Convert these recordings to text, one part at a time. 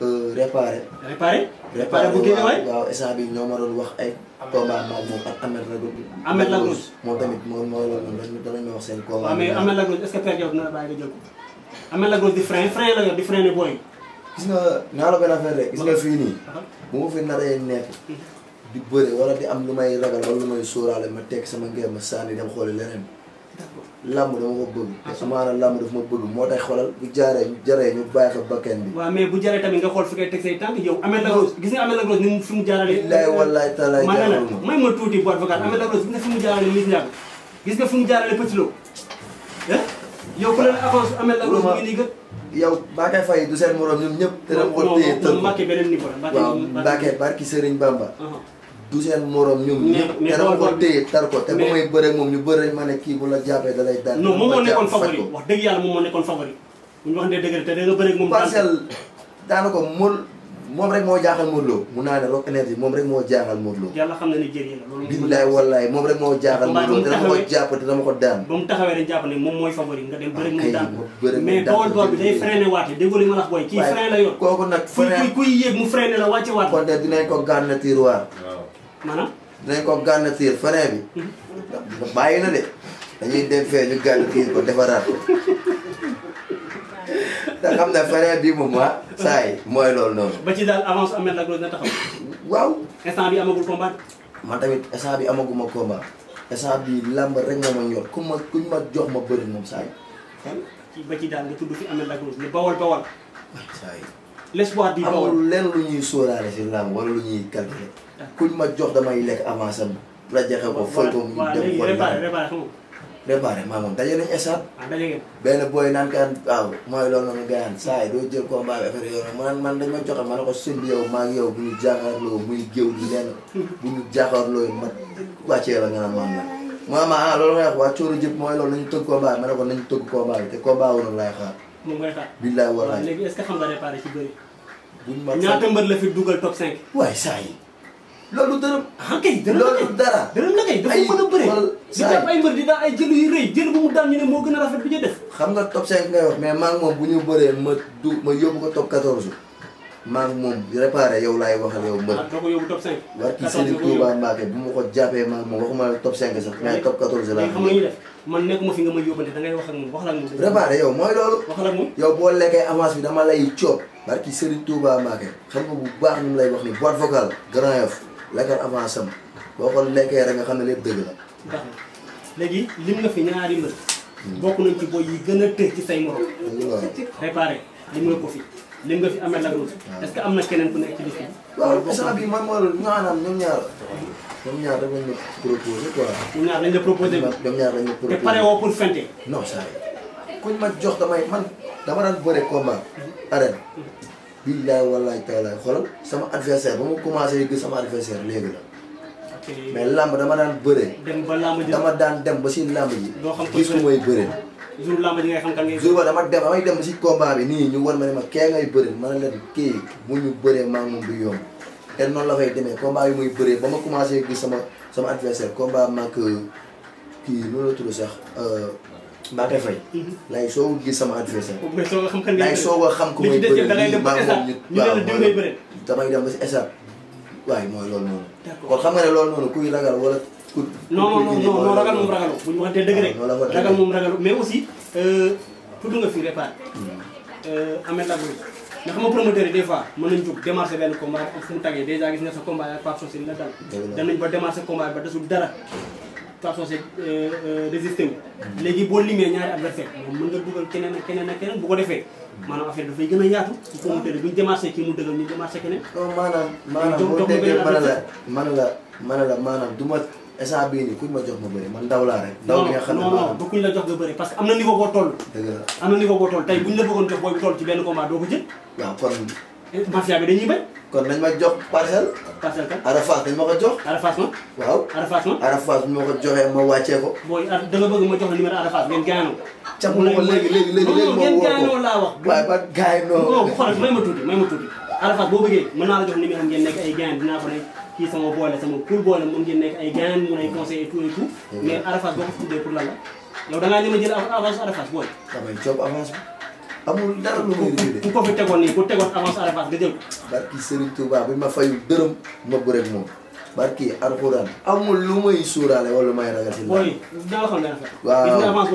réparé. réparé. réparé bu Guédiawaye waaw instant bi ñoo ma doon wax ay. combat maag moom ak Amel Lagos. Amel Lagos tamit moom moo doon moom danañ ma wax seen. combat waaw mais Amel Lagos est-ce que perte yow dina la di frein la yor di freiner booy. gis nga naa la benn affaire rek gis nga fii nii. bu ma fi naree nekk. di bëre wala di am lu may ragal wala lu may sóoraale ma teg sama ngeen ma sànni dem xooli leneen. làmb dama ko bëgg te ah, su maanaam làmb daf ma bëgg moo tax xoolal bu jaaree jaree ñu bàyyi ko bakkan bi waaw mais bu jaree tamit nga xool fi koy teg say tànk yow Ameth Lac gis nga Ameth Lac Rose ni mu fi mu jaarale billaay wallaay taalaay jaarale ma gis nga fi mu jaarale Liss Ndiago gis nga fi mu jaarale Petit Lo eh? yow ku leen avance Ameth Lac Rose mu ngi yow Mbacké Faye du seen morom ñoom ñëpp te dama ko téye tënk Mbacké beneen niveau la Mbacké barki Serigne Bamba uh-huh. du seen morom ñoom ñëpp te dama ko téye tar ko te ba may bëre moom ñu bëre ma ne kii bu la jàppee da lay dal non moom moo nekkoon favori wax dëgg yàlla moom moo nekkoon favori bu ñu wax ne dëgg te da nga bëre moom parcelle daanaka mool moom rek moo jaaxal Modou Lo mun naa ne Rock Énergie moom rek moo jaaxal Modou Lo yàlla xam na ne jëriñ la loolu billaay wallaay moom rek moo jaaxal Modou Lo te dama ko jàpp te dama ko daan ba mu taxawee rek jàpp ne moom mooy favori nga dem bëre mu daan mais bool bool bi day freiné waate déggoo li ma la wax booy kii freiné la yoon kooku nag kuy yéeg mu freiné la wàcce waat kon de dinañ ko gànn tiroir maanaam. dinañ ko gànnaatiir frein bi. Mhm. bàyyi na de dañuy dem fee ñu gànnaatiir ko defaraat ko. te xam ne frein bi moom ah. saa yi mooy loolu noonu. ba ci daal avance am na loolu na waaw. instant bi amagul combat. man bi amaguma combat bi làmb rek moo ma ñor ku ma kuñ ma jox ma bëri moom saa yi. ba ci daal nga tudd fi am na ne bawal bawal. saa yi. l'espoir du bawal amul lenn lu ñuy sóoraale si làmb wala lu ñuy calculer. kuñ ma jox damay lekk avancé a rajaxe ko fol ko mu dem wala réparé maa daje nañu esaat. Ah, benn booy naan kaan waaw mooy loolu noonu gayaan saa yi doo jël combat bi affaire yow man man dañ ma joxe ma ne ko sëñ bi yow maa ngi yow bu ñu jàkkaarloo muy géew di lenn bu ñu jàkkaarloo ma wàccee la nga naan man la. maama ah loolu ngay wax waa Coro jëpp mooy loolu nañu ma ne ko nañu tëgg combat bi te combat wu noonu laay xaar. moom ngay xaar billaay wallaay ma ñaata mbër la yi. loolu dërëm. ah kay dërëm la kay loolu dara. dërëm la kay dafa mën a bëree. saa yi ay mbër di daan ay jël yu rëy jël bu mu daan ñu ne moo gën rafet bi ñu def. xam nga top 5 ngay wax mais maa ngi moom bu ñu bëree ma du ma yóbbu ko top 14. maa ngi moom réparé yow laay waxal yow mbër. ah ko yóbbu top 5. war ki Serigne Touba Mbacke bu ma ko jàppee maa ngi moom waxuma top 5 sax mais top 14 laa. xam nga ñu def man nekkuma fi nga may yóbbante da ngay wax ak moom wax la ak moom. réparé yow mooy loolu. wax la ak moom yow boo lekkee avance bi dama lay coob. barki Serigne Touba Mbacke xam nga bu baax ñu lay wax ni boîte vocale grand yof lekkal avance boo ko lekkee rek nga xam ne lépp dëgg la. léegi lim nga fi ñaari mbër. Hmm. bokk nañ ci boy yi gën a tëj ci say morom. waaw réparé lim nga ko fi. lim nga fi amee la route. Hmm. est que am na keneen ku nekk ci liste bi. waaw instant bii man maa maanaam la proposé. ñoom ñaar dañ la proposé te pare woo pour fente. non saa yi kuñ ma jox damay man dama daan bëre combat hmm. arène. billaay wallaay taalaay xoolal sama adversaire ba ma commencé gis sama adversaire léegi la. mais làmb dama daan bëre. dem ba làmb ji dama daan dem ba si làmb ji. doo xam gis ku may bëre. jour làmb ji ngay ba dama dem damay dem si combat bi nii ñu war ma ne ma kee ngay bëre ma ne leen kii bu ñu bëree maa ngi moom du yomb. te noonu la fay demee combat yi muy bëree ba ma commencé gis sama sama adversaire combat maag euh, kii loolu la sax. Euh, Mbacké Faye. Mhm. lay soog gis sama adversaire. mais soog a xam kan lay soog a xam ku may bëre lii baax moom si état waaye mooy loolu noonu. kon xam nga ne loolu noonu kuy ragal wala ku. non non non ragal moom ragalu bu ñu waxantee ragal moom ragalu mais aussi. Euh, tudd nga fi Réparé. Hmm. Euh, Ameth Labouye nga xam nga promoteur yi des fois mën nañ jóg démarché benn combat am fu mu tàggee dèjà gis nga sa combat ak Pape Socé la dal. danañ ba démarché combat ba desul dara. Pape Socé euh, euh, résisté wu. léegi boo limee ñaari adversaire moom mën nga dugal keneen keneen ak keneen bu ko defee. maanaam affaire dafay gën a yaatu. bu promoteur bi ma jox ma bëri man ndaw laa rek. ndaw bi nga xam bu kuñ la jox nga bëri parce que am na niveau boo toll. dëgg am na niveau boo toll tey bu ñu la bëggoon jox booy bu toll ci benn combat doo ko jël. waaw kon. Eh, mafia bi dañuy bañ kon nañ ma jox parcelle. parcelle kan Arafat dañ ma ko jox. Arafat ma. waaw Arafat ma. Arafat bi ma ko wàccee ko. booy ah, da nga bëgg ma jox la numéro Arafat ngeen gaanoo. ca mu ma léegi léegi léegi léegi ma woo ko gaanoo. non xoolal may ma tuuti may ma tuuti. Arafat boo bëggee mën naa la jox numéro ngeen nekk ay gaan dinaa ko ne kii sama boole sama pour boole mun ngeen nekk ay gaan mun ay conseil et tout et tout. Mm-hmm. boo ko tuddee pour lan la yow da ngaa ñëw ma jël avance Arafat booy. damay job avance bi. amul dara lu muy ko fi tegoon nii ku tegoon avance à la base nga jël ko. barki Serigne Touba bi ma fayul dërëm ma rek moom barki alxuraan amul lu may suuraale wala may ragal si. la xam ne rafet. waaw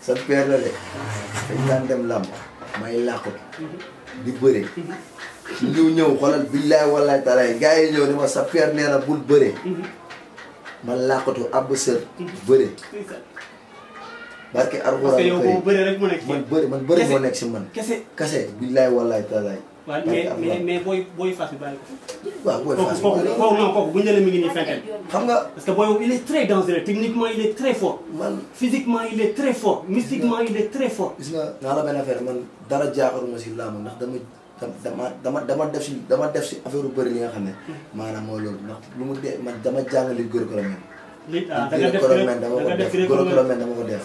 sa père la de. dañ daan dem làmb may làqu di bëre. Mhm. ñu ñëw xoolal billaay walaay talaay gars yi ne ma sa père nee bul bëre. Mhm. man laa àbb sër bëre barke arxuraan kay yow bëre rek mu nekk man bëre man bëre moo nekk si man kese kese billaay wallaay talaay waaw mais mais mais booy booy fas bi bàyyi ko. waaw booy fas ko kooku non kooku mi ngi nii feneen. xam nga parce que booy il est très dangereux techniquement il est très fort. man physiquement il est très fort mystiquement il est très fort. gis nga naa la benn affaire man dara jaaxaru ma si làmb ndax dama. dama dama def si dama def si affaire bëri li nga xam ne. Hmm. maanaam mooy loolu ndax lu mu dee man dama jàngali Gréco-romain. li ah da nga def Gréco-romain dama ko def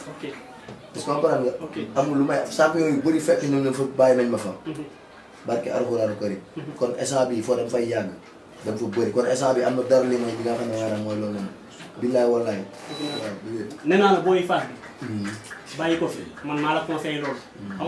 parce que comprendre nga. am lu may champion yu bëri fekk ñoom ñoom fa bàyyi nañ ma fa. Mhm. barke alxuraanu karim mhm. kon instant bii foo dem fay yàgg. dama fa bëri kon instant bi am na dara li may li nga xam ne maanaam mooy loolu noonu. billaay wallaay. waaw nee naa la booy faas bi. Hmm. bàyyi ko fi man maa la conseillé loolu. Hmm.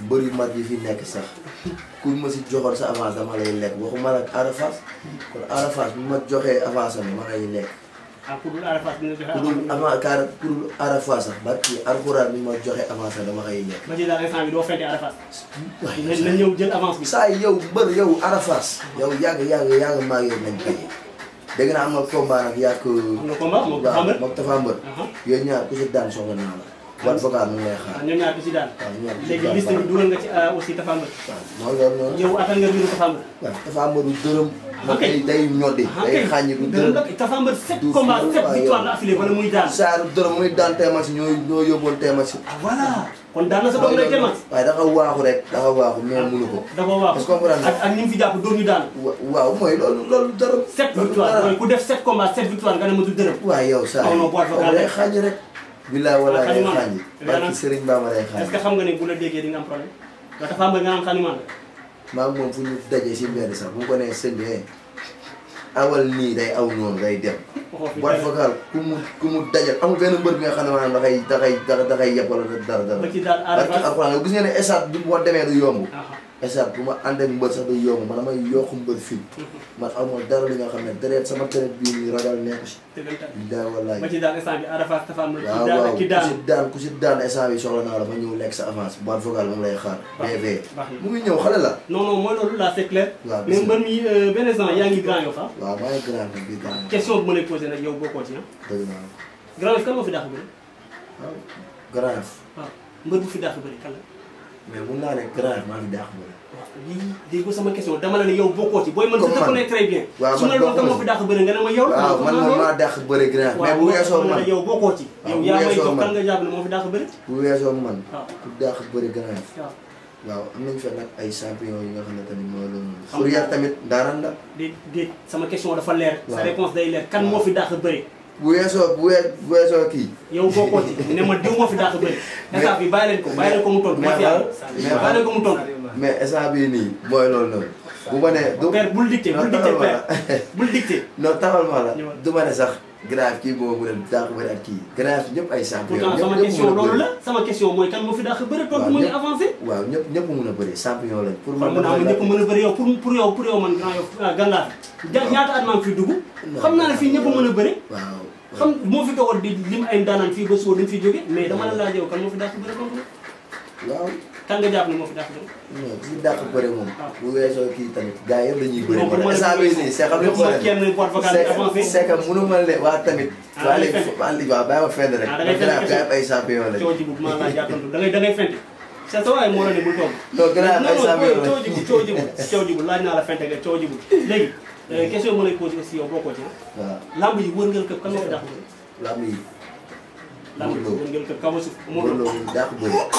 mbër yu mag yi fi nekk sax ku ma si joxoon sa avance dama lay lekk waxuma nag arafas kon bu ma joxee avance am ma lay lekk. ah ku dul arafas bi nga avance bi ama kaar ku dul arafas sax barki alxuraan bi ma joxe avance am dama lekk. saa yow mbër yow arafas. yow yàgg yàgg yàgg maa ngi nañ koy. dégg naa am nga combat nag yàgg. moom Tafa Mbër yooyu uh-huh. ñaar ku si daan soxla naa la. ban vocal mu ngi lay xaar. waaw ñoom ñaar du si daan. léegi liste bi dugal nga ci euh, aussi Tapha Mbeur. waaw loolu noonu. yow atal nga biiru Tapha Mbeur. waaw Tapha Mbeur du dërëm. ok day day ñoddi. Ah, day xàññi du dërëm ok Tapha Mbeur sept combats sept victoire la affilée wala muy daan. saa du dërëm muy daan teemas ñoo ñoo yóbbuwoon teemas. Ah, voilà kon daan na sa bopp rek teemas. waaye dafa waaxu rek dafa waaxu mais ah, munu ko. dafa waaxu est-ce que comprendre ak ak ni mu fi jàpp dóor ñu daan. waaw mooy loolu loolu dërëm. sept victoire mooy ku def sept combats sept victoire nga ne ma du dërëm. waaw yow saa yi xàññi rek billaay walaay day xaañi barki Serigne Bamba day xaañi. est-ce xam nga ne bu la déggee di nga am problème nga dafa am nga naan xanimaan la. maa moom fu ñu dajee si mbedd sax bu ko nee sëñ eh, awal nii day aw noonu day dem. boîte vocale ku mu ku mu dajal amul benn mbër bi nga xam ne maanaam dafay dafay dafay yeb wala ba ci daal alxuraan gis ngeen ne stade bi ma demee mhm. nga xam ne deret sama deret bii nii ragal nekk si. bi Arafat la ma ñëw lekk sa avance boîte vocale moom lay xaar. BV mu ngi ñëw xale la. non non la c'est clair. waaw mais mbër mi euh, benn instant yaa ngi grand yoo xam. Ah? waaw maa ngi grand bi grand question bu ma lay bëri nag yow bokkoo ci ah. dëgg la waaw. Grand Yoff kan fi dàq bëri. waaw ah, Grand Yoff. waaw ah, mbër bu fi dàq bëri kan la. mais mun naa dama la ne bokkoo ci. booy man te connais su ma la doon kan moo fi dàq bëri nga ne ma yow. waaw man man maa dàq bëri Grand Yoff. mais bu weesoo man yow bokkoo ci. waaw bu weesoo man yow yaa may jox kan nga jàpp ne moo fi dàq bëri. bu weesoo man. waaw ah. ku bëri Grand waaw am nañ fa nag ay champion yi nga xam ne tamit mooy loolu noonu. sama question dafa leer. sa réponse kan moo fi dàq bëri. bu weesoo bu wee bu kii. yow bokkoo ma fi dàq bëri. état ko bàyyi leen ko mu tontu. mais mais bàyyi leen ko mu tontu. mais état bii nii mooy loolu noonu. bu ma nee bul dicté bul dicté père taxal ma la du ma ne sax. graaf kii moo mën a dàq bëri ak kii graaf ñëpp ay sama question loolu la sama question mooy kan moo fi dàq bëri toog mu ngi avancé waaw ñëpp mën a bëri champion lañ pour man naa a ñaata at maa fi dugg xam naa ne fii ñëpp mën a bëri waaw xam moo fi toogoon di lim ay ndaanaan la laaj yow waaw kan nga jàpp ne moo fi dàq bëri. non si dàq bëri moom. Ah. bu weesoo kii tamit gars yëpp dañuy bëri. moom mooy saa bii nii seqal ko bëri kenn ma leen waa tamit. Ah, waa léegi waa léegi waa bàyyi rek. ah da ngay fenn kese gannaaw ay champion la. coow ji bu maa laa jàppandu da ngay da la ne bul toog. non la nga coow ji euh, ah. yi wërngal këpp kan moo yi. lamb yi wërngal këpp